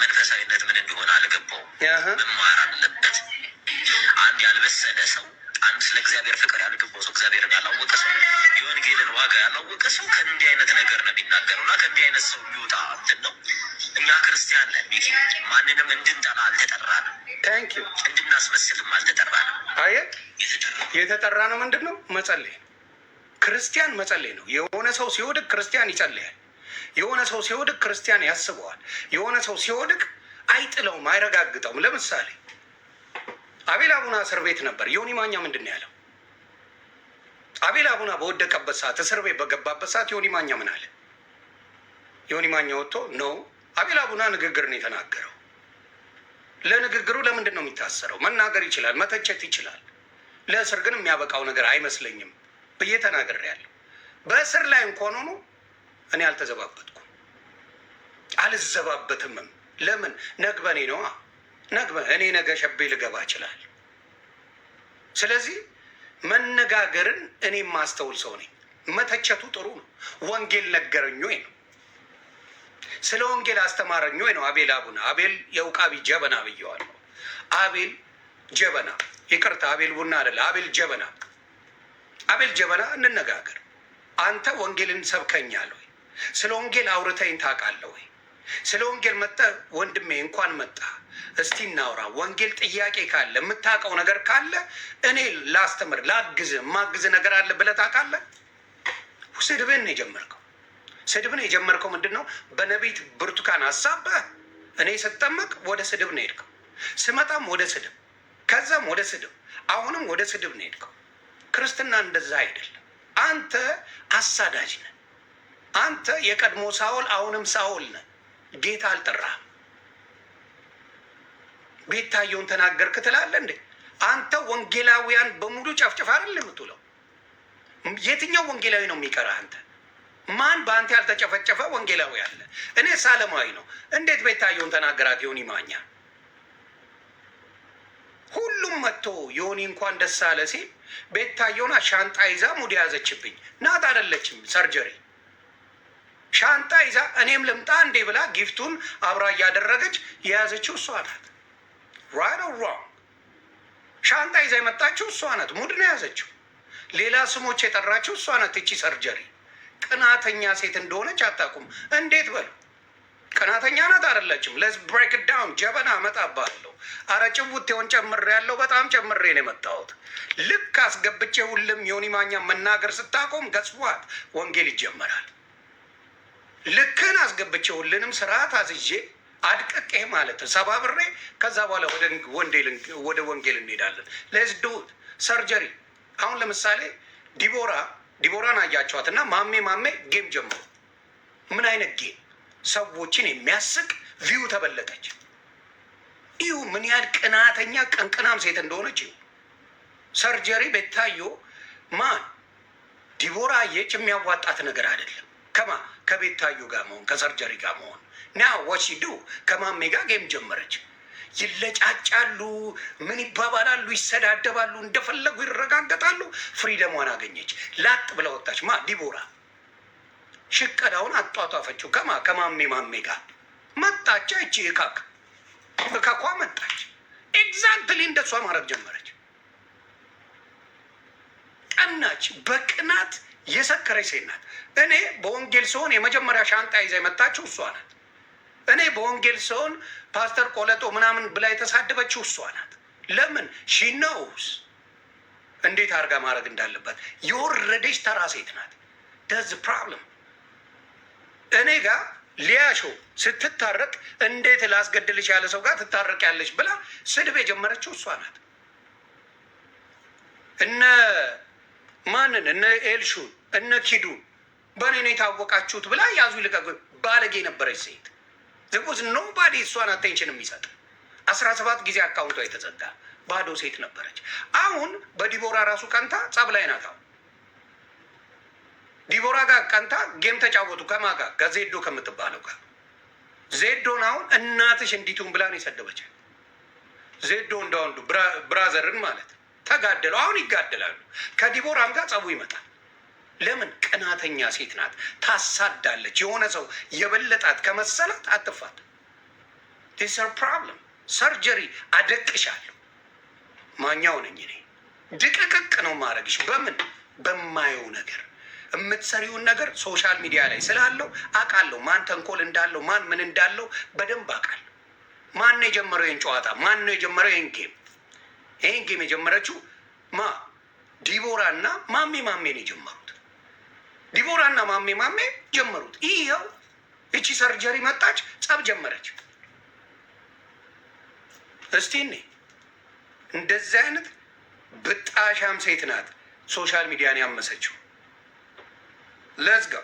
መንፈሳዊነት ምን እንደሆነ አልገባውም። መማር አለበት። አንድ ያልበሰለ ሰው፣ አንድ ስለ እግዚአብሔር ፍቅር ያልገባው ሰው፣ እግዚአብሔርን ያላወቀ ሰው፣ የወንጌልን ዋጋ ያላወቀ ሰው ከእንዲህ አይነት ነገር ነው የሚናገረው እና ከእንዲህ አይነት ሰው የሚወጣ እንትን ነው። እኛ ክርስቲያን ነን ሚኪ፣ ማንንም እንድንጠላ አልተጠራንም። እንድናስመስልም አልተጠራንም። አየ የተጠራ ነው ምንድን ነው መጸለይ። ክርስቲያን መጸለይ ነው። የሆነ ሰው ሲወድቅ ክርስቲያን ይጸለያል። የሆነ ሰው ሲወድቅ ክርስቲያን ያስበዋል። የሆነ ሰው ሲወድቅ አይጥለውም፣ አይረጋግጠውም። ለምሳሌ አቤል አቡና እስር ቤት ነበር። ዮኒ ማኛ ምንድን ነው ያለው? አቤል አቡና በወደቀበት ሰዓት፣ እስር ቤት በገባበት ሰዓት ዮኒ ማኛ ምን አለ? ዮኒ ማኛ ወጥቶ ነው አቤል አቡና ንግግር ነው የተናገረው። ለንግግሩ ለምንድን ነው የሚታሰረው? መናገር ይችላል፣ መተቸት ይችላል። ለእስር ግን የሚያበቃው ነገር አይመስለኝም ብዬ ተናግሬያለሁ። በእስር ላይ እንኳን ሆኖ እኔ አልተዘባበትኩም አልዘባበትምም። ለምን ነግበኔ ነዋ ነግ እኔ ነገ ሸቤ ልገባ ይችላል። ስለዚህ መነጋገርን እኔ ማስተውል ሰው ነኝ። መተቸቱ ጥሩ ነው። ወንጌል ነገረኝ ወይ ነው ስለ ወንጌል አስተማረኝ ወይ ነው። አቤል አቡነ አቤል የውቃቢ ጀበና ብየዋለሁ። አቤል ጀበና ይቅርታ፣ አቤል ቡና አይደለ፣ አቤል ጀበና። አቤል ጀበና እንነጋገር። አንተ ወንጌልን ሰብከኛል ወይ? ስለ ወንጌል አውርተኝ ታውቃለህ ወይ? ስለ ወንጌል መጣ ወንድሜ፣ እንኳን መጣ። እስቲ እናውራ። ወንጌል ጥያቄ ካለ የምታውቀው ነገር ካለ እኔ ላስተምር፣ ላግዝ። ማግዝ ነገር አለ ብለህ ታውቃለህ? ስድብህን ነው የጀመርከው። ስድብህን የጀመርከው ምንድን ነው? በነቢት ብርቱካን አሳበህ እኔ ስጠመቅ ወደ ስድብ ነው ሄድከው። ስመጣም ወደ ስድብ፣ ከዛም ወደ ስድብ፣ አሁንም ወደ ስድብ ነው ሄድከው። ክርስትና እንደዛ አይደለም። አንተ አሳዳጅ ነህ። አንተ የቀድሞ ሳውል አሁንም ሳውል ነህ፣ ጌታ አልጠራ ቤታየውን ተናገርክ ትላለህ እንዴ? አንተ ወንጌላውያን በሙሉ ጨፍጭፍ አይደል የምትውለው? የትኛው ወንጌላዊ ነው የሚቀራ? አንተ? ማን በአንተ ያልተጨፈጨፈ ወንጌላዊ አለ? እኔ ሳለማዊ ነው። እንዴት ቤታየውን ተናገራት? ዮኒ ማኛ ሁሉም መጥቶ ዮኒ እንኳን ደስ አለ ሲል ቤታየውን ሻንጣ ይዛ ሙድ ያዘችብኝ ናት። አደለችም ሰርጀሪ ሻንጣ ይዛ እኔም ልምጣ እንዴ ብላ ጊፍቱን አብራ እያደረገች የያዘችው እሷ ናት። ራይት ኦር ሮንግ ሻንጣ ይዛ የመጣችው እሷ ናት። ሙድ ነው የያዘችው። ሌላ ስሞች የጠራችው እሷ ናት። እቺ ሰርጀሪ ቅናተኛ ሴት እንደሆነች አታውቁም። እንዴት በሉ ቅናተኛ ናት አይደለችም። ለስ ብሬክ ዳውን ጀበና አመጣባለሁ። አረ ጭውቴውን ጨምሬ ያለው በጣም ጨምሬ ነው የመጣሁት። ልክ አስገብቼ ሁልም ዮኒ ማኛ መናገር ስታቆም ገጽዋት ወንጌል ይጀመራል። ልክን አስገብቸውልንም ሁሉንም ስርዓት አዝዤ አድቀቄ ማለት ሰባብሬ ከዛ በኋላ ወደ ወንጌል እንሄዳለን። ለዝዱ ሰርጀሪ አሁን ለምሳሌ ዲቦራ ዲቦራን አያቸዋት እና ማሜ ማሜ ጌም ጀምሮ ምን አይነት ጌም ሰዎችን የሚያስቅ ቪው ተበለጠች። ይሁ ምን ያህል ቅናተኛ ቀንቅናም ሴት እንደሆነች ይሁ ሰርጀሪ ቤታዮ ማን ዲቦራ አየች። የሚያዋጣት ነገር አይደለም። ከማ ከቤታዩ ጋር መሆን ከሰርጀሪ ጋር መሆን ና ወሲዱ ከማሜ ጋር ጌም ጀመረች። ይለጫጫሉ፣ ምን ይባባላሉ፣ ይሰዳደባሉ፣ እንደፈለጉ ይረጋገጣሉ። ፍሪደሟን አገኘች። ላጥ ብለ ወጣች። ማ ዲቦራ ሽቀዳውን አጧጧፈችው። ከማ ከማሜ ማሜ ጋር መጣች። እቺ እካክ እካኳ መጣች። ኤግዛክትሊ እንደሷ ማድረግ ጀመረች። ቀናች በቅናት የሰከረች ሴት ናት። እኔ በወንጌል ሰሆን የመጀመሪያ ሻንጣ ይዛ የመጣችው እሷ ናት። እኔ በወንጌል ሰሆን ፓስተር ቆለጦ ምናምን ብላ የተሳደበችው እሷ ናት። ለምን ሺነውስ እንዴት አድርጋ ማድረግ እንዳለባት የወረደች ተራ ሴት ናት። ደዝ ፕሮብለም እኔ ጋር ሊያሾ ስትታረቅ እንዴት ላስገድልሽ ያለ ሰው ጋር ትታረቅ ያለች ብላ ስድብ የጀመረችው እሷ ናት። እነ ማንን እነ ኤልሹ እነ ኪዱ በእኔ ነው የታወቃችሁት ብላ ያዙ ይልቀ ባለጌ ነበረች ሴት ዝቁስ ኖባዲ እሷን አቴንሽን የሚሰጥ አስራ ሰባት ጊዜ አካውንቷ የተዘጋ ባዶ ሴት ነበረች። አሁን በዲቦራ ራሱ ቀንታ ጸብ ላይ ናት። አሁን ዲቦራ ጋር ቀንታ ጌም ተጫወቱ ከማ ጋር ከዜዶ ከምትባለው ጋር ዜዶን አሁን እናትሽ እንዲቱን ብላን የሰደበች ዜዶ እንደወንዱ ብራዘርን ማለት ነው ተጋደሉ። አሁን ይጋደላሉ። ከዲቦራም ጋር ጸቡ ይመጣል። ለምን? ቅናተኛ ሴት ናት፣ ታሳዳለች። የሆነ ሰው የበለጣት ከመሰላት አትፋት። ዲሰር ፕሮብለም ሰርጀሪ አደቅሻለሁ። ማኛው ነኝ እኔ። ድቅቅቅ ነው ማድረግሽ። በምን በማየው ነገር የምትሰሪውን ነገር ሶሻል ሚዲያ ላይ ስላለው አውቃለሁ። ማን ተንኮል እንዳለው ማን ምን እንዳለው በደንብ አውቃለሁ። ማን ነው የጀመረው ይህን ጨዋታ? ማን ነው የጀመረው ይህን ጌም? ይህን ጌም የጀመረችው ማ ዲቦራ እና ማሜ ማሜ ነው የጀመሩት ዲቦራ እና ማሜ ማሜ ጀመሩት። ይኸው እቺ ሰርጀሪ መጣች፣ ጸብ ጀመረች። እስቲ እኔ እንደዚህ አይነት ብጣሻም ሴት ናት ሶሻል ሚዲያን ያመሰችው። ለዝጋ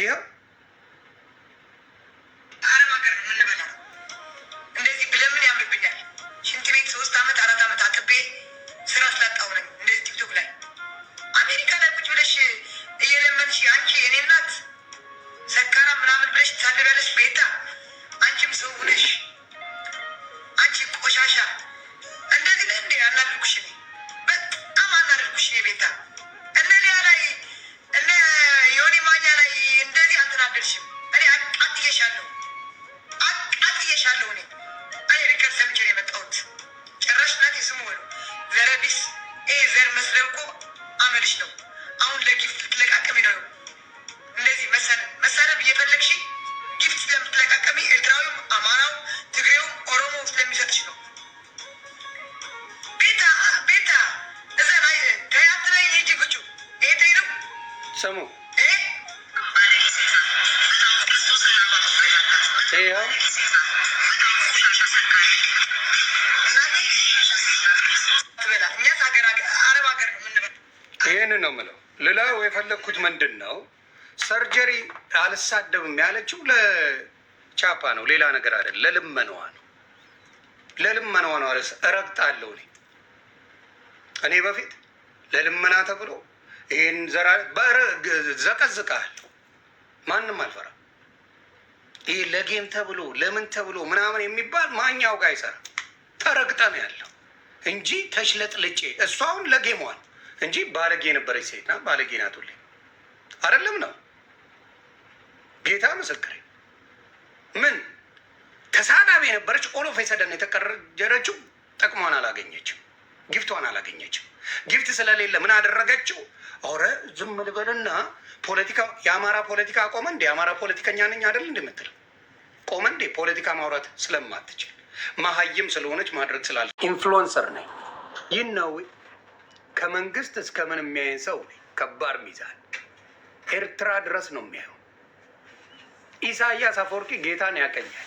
ይኸው ስሙ ይህን ነው የምለው። ልላው የፈለግኩት ምንድን ነው ሰርጀሪ አልሳደብም ያለችው ለቻፓ ነው፣ ሌላ ነገር አይደለም። ለልመነዋ ነው ለልመነዋ ነው። እረግጣለሁ እኔ እኔ በፊት ለልመና ተብሎ ይህን ዘራ ዘቀዝቃል። ማንም አልፈራ። ይህ ለጌም ተብሎ ለምን ተብሎ ምናምን የሚባል ማኛው ጋር አይሰራ። ተረግጠ ነው ያለው እንጂ ተሽለጥልጬ እሷ አሁን ለጌሟል እንጂ ባለጌ ነበረች ሴት ባለጌ ናት ሁሌ አይደለም ነው ጌታ ምስክሬ። ምን ተሳዳቢ የነበረች ኦሎፍ የሰደን የተቀረጀረችው ጥቅሟን አላገኘችም፣ ጊፍቷን አላገኘችም። ጊፍት ስለሌለ ምን አደረገችው? ኧረ ዝም ልበልና ፖለቲካ የአማራ ፖለቲካ ቆመ እንዴ? የአማራ ፖለቲከኛ ነኝ አይደል እንደምትል ቆመ እንዴ? ፖለቲካ ማውራት ስለማትችል መሀይም ስለሆነች ማድረግ ስላለ ኢንፍሉንሰር ነኝ ይህ ነው። ከመንግስት እስከ ምን የሚያየን ሰው ከባድ ሚዛን ኤርትራ ድረስ ነው የሚያየው። ኢሳያስ አፈወርቂ ጌታን ያቀኛል።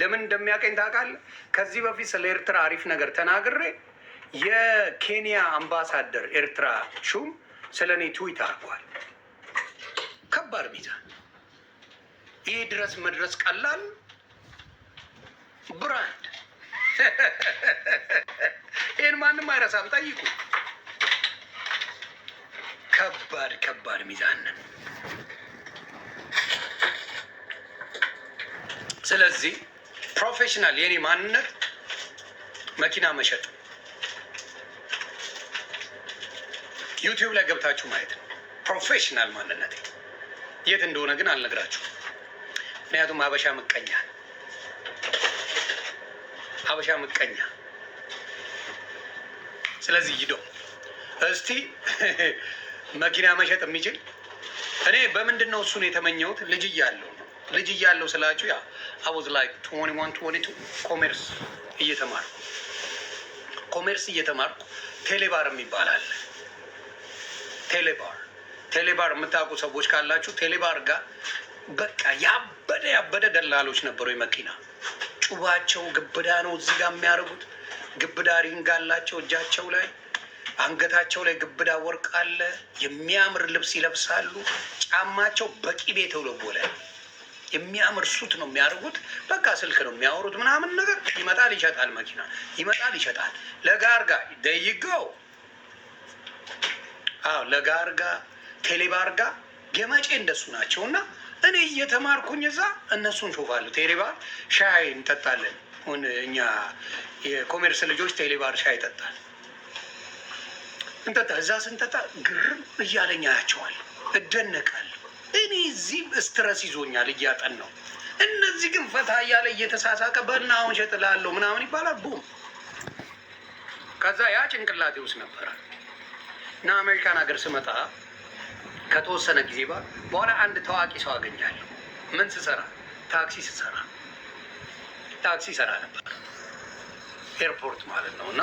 ለምን እንደሚያቀኝ ታውቃለህ? ከዚህ በፊት ስለ ኤርትራ አሪፍ ነገር ተናግሬ የኬንያ አምባሳደር ኤርትራ ሹም ስለ እኔ ትዊት አድርጓል። ከባድ ሚዛን ይህ ድረስ መድረስ ቀላል ብራንድ። ይህን ማንም አይረሳም፣ ጠይቁ። ከባድ ከባድ ሚዛን ነን። ስለዚህ ፕሮፌሽናል የኔ ማንነት መኪና መሸጥ ዩቲዩብ ላይ ገብታችሁ ማየት ነው ፕሮፌሽናል ማንነት የት እንደሆነ ግን አልነግራችሁም፣ ምክንያቱም ሀበሻ ምቀኛ፣ ሀበሻ ምቀኛ። ስለዚህ ይዶ እስቲ መኪና መሸጥ የሚችል እኔ በምንድን ነው እሱን የተመኘሁት? ልጅ እያለሁ ነው። ልጅ እያለሁ ስላችሁ ያ አወዝ ላይ ትወኒ ዋን ትወኒ ቱ ኮሜርስ እየተማርኩ ኮሜርስ እየተማርኩ ቴሌባር የሚባል ቴሌባር ቴሌባር የምታውቁ ሰዎች ካላችሁ ቴሌባር ጋር በቃ ያበደ ያበደ ደላሎች ነበሩ። የመኪና ጩባቸው ግብዳ ነው እዚህ ጋር የሚያደርጉት ግብዳ ሪንግ አላቸው እጃቸው ላይ አንገታቸው ላይ ግብዳ ወርቅ አለ። የሚያምር ልብስ ይለብሳሉ። ጫማቸው በቂቤ ተውለቦለ የሚያምር ሱት ነው የሚያደርጉት። በቃ ስልክ ነው የሚያወሩት ምናምን ነገር ይመጣል ይሸጣል፣ መኪና ይመጣል ይሸጣል። ለጋር ጋር ደይገው ለጋርጋ ቴሌባርጋ የመጬ እንደሱ ናቸው እና እኔ እየተማርኩኝ እዛ እነሱን ሾፋለሁ። ቴሌባር ሻይ እንጠጣለን። አሁን እኛ የኮሜርስ ልጆች ቴሌባር ሻይ ይጠጣል እንጠጣ እዛ ስንጠጣ ግርም እያለኝ አያቸዋለሁ፣ እደነቃል። እኔ እዚህም ስትረስ ይዞኛል እያጠን ነው። እነዚህ ግን ፈታ እያለ እየተሳሳቀ በና አሁን ሸጥላለሁ ምናምን ይባላል። ቡም ከዛ ያ ጭንቅላቴ ውስጥ ነበራል። እና አሜሪካን ሀገር ስመጣ ከተወሰነ ጊዜ በኋላ አንድ ታዋቂ ሰው አገኛለሁ። ምን ስሰራ? ታክሲ ስሰራ ታክሲ ሰራ ነበር ኤርፖርት ማለት ነው። እና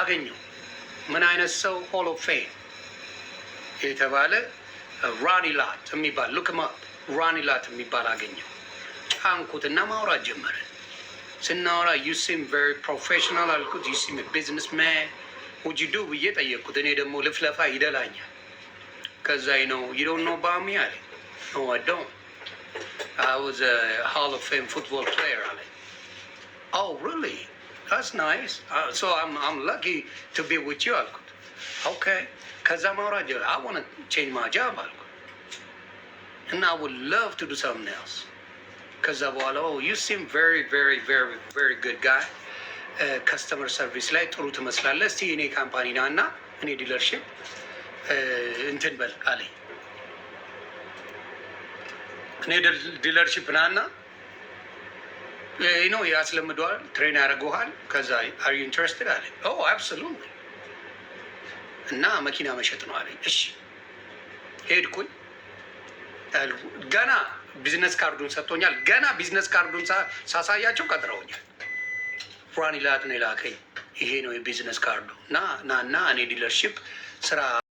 አገኘው ምን አይነት ሰው ሆል ኦፍ ፌም የተባለ ራኒላት ላት የሚባል ሉክማ ራኒላት ላት የሚባል አገኘው። እና ማውራት ጀመረ። ስናወራ ዩ ሲም ቨሪ ፕሮፌሽናል አልኩት። ዩ ሲም ቢዝነስ ማን ውጅዱ ብዬ ጠየቅኩት። እኔ ደግሞ ልፍለፋ ይደላኛል። ከዛይ ነው ይዶን ነው ባሚ አለ ነው አደው I was a Hall of Fame football player አለ Oh really? That's nice. Uh, so I'm I'm lucky to be with you አልኩት። Okay. ከዛ ማውራት ጀመረ። I want to change my job አልኩት. And I would love to do something else. ከዛ በኋላ oh, you seem very very very very good guy. ከስተመር ሰርቪስ ላይ ጥሩ ትመስላለህ፣ እስቲ እኔ ካምፓኒ ና እና እኔ ዲለርሽፕ እንትን በል አለኝ። እኔ ዲለርሽፕ ና እና ነው ያስለምደዋል፣ ትሬን ያደርገዋል። ከዛ አር ዩ ኢንትረስትድ አለኝ። አብሶሉት oh, እና መኪና መሸጥ ነው አለኝ። እሺ ሄድኩኝ። ገና ቢዝነስ ካርዱን ሰጥቶኛል። ገና ቢዝነስ ካርዱን ሳሳያቸው ቀጥረውኛል። ቁርአን ይላት ነው የላከኝ። ይሄ ነው የቢዝነስ ካርዱ እና ናና እኔ ዲለርሺፕ ስራ